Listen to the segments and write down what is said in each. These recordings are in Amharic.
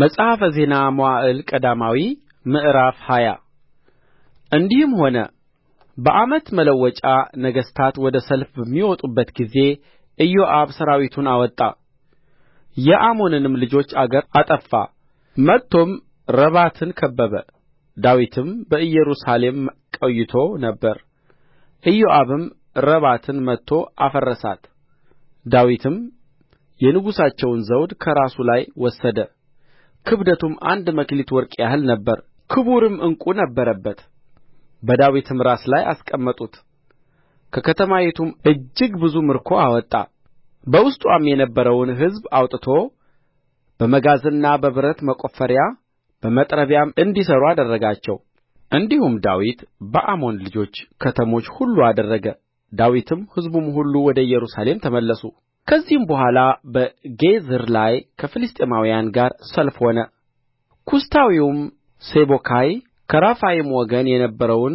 መጽሐፈ ዜና መዋዕል ቀዳማዊ ምዕራፍ ሃያ እንዲህም ሆነ በዓመት መለወጫ ነገሥታት ወደ ሰልፍ በሚወጡበት ጊዜ ኢዮአብ ሠራዊቱን አወጣ የአሞንንም ልጆች አገር አጠፋ መጥቶም ረባትን ከበበ ዳዊትም በኢየሩሳሌም ቈይቶ ነበር ኢዮአብም ረባትን መትቶ አፈረሳት ዳዊትም የንጉሣቸውን ዘውድ ከራሱ ላይ ወሰደ ክብደቱም አንድ መክሊት ወርቅ ያህል ነበረ ክቡርም ዕንቍ ነበረበት በዳዊትም ራስ ላይ አስቀመጡት ከከተማይቱም እጅግ ብዙ ምርኮ አወጣ በውስጥዋም የነበረውን ሕዝብ አውጥቶ በመጋዝና በብረት መቈፈሪያ በመጥረቢያም እንዲሠሩ አደረጋቸው እንዲሁም ዳዊት በአሞን ልጆች ከተሞች ሁሉ አደረገ ዳዊትም ሕዝቡም ሁሉ ወደ ኢየሩሳሌም ተመለሱ ከዚህም በኋላ በጌዝር ላይ ከፍልስጥኤማውያን ጋር ሰልፍ ሆነ ኩሳታዊውም ሴቦካይ ከራፋይም ወገን የነበረውን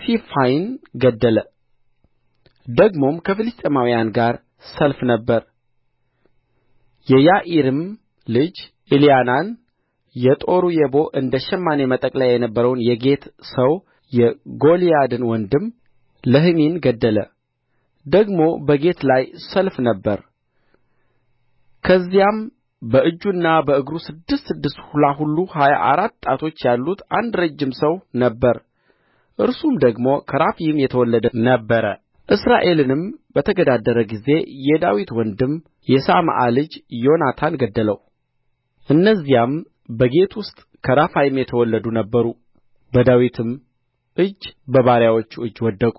ሲፋይን ገደለ ደግሞም ከፍልስጥኤማውያን ጋር ሰልፍ ነበረ የያኢርም ልጅ ኤልያናን የጦሩ የቦ እንደ ሸማኔ መጠቅለያ የነበረውን የጌት ሰው የጎልያድን ወንድም ለሕሚን ገደለ ደግሞ በጌት ላይ ሰልፍ ነበረ ከዚያም በእጁና በእግሩ ስድስት ስድስት ሁላሁሉ ሀያ አራት ጣቶች ያሉት አንድ ረጅም ሰው ነበረ እርሱም ደግሞ ከራፋይም የተወለደ ነበረ እስራኤልንም በተገዳደረ ጊዜ የዳዊት ወንድም የሳምዓ ልጅ ዮናታን ገደለው እነዚያም በጌት ውስጥ ከራፋይም የተወለዱ ነበሩ በዳዊትም እጅ በባሪያዎቹ እጅ ወደቁ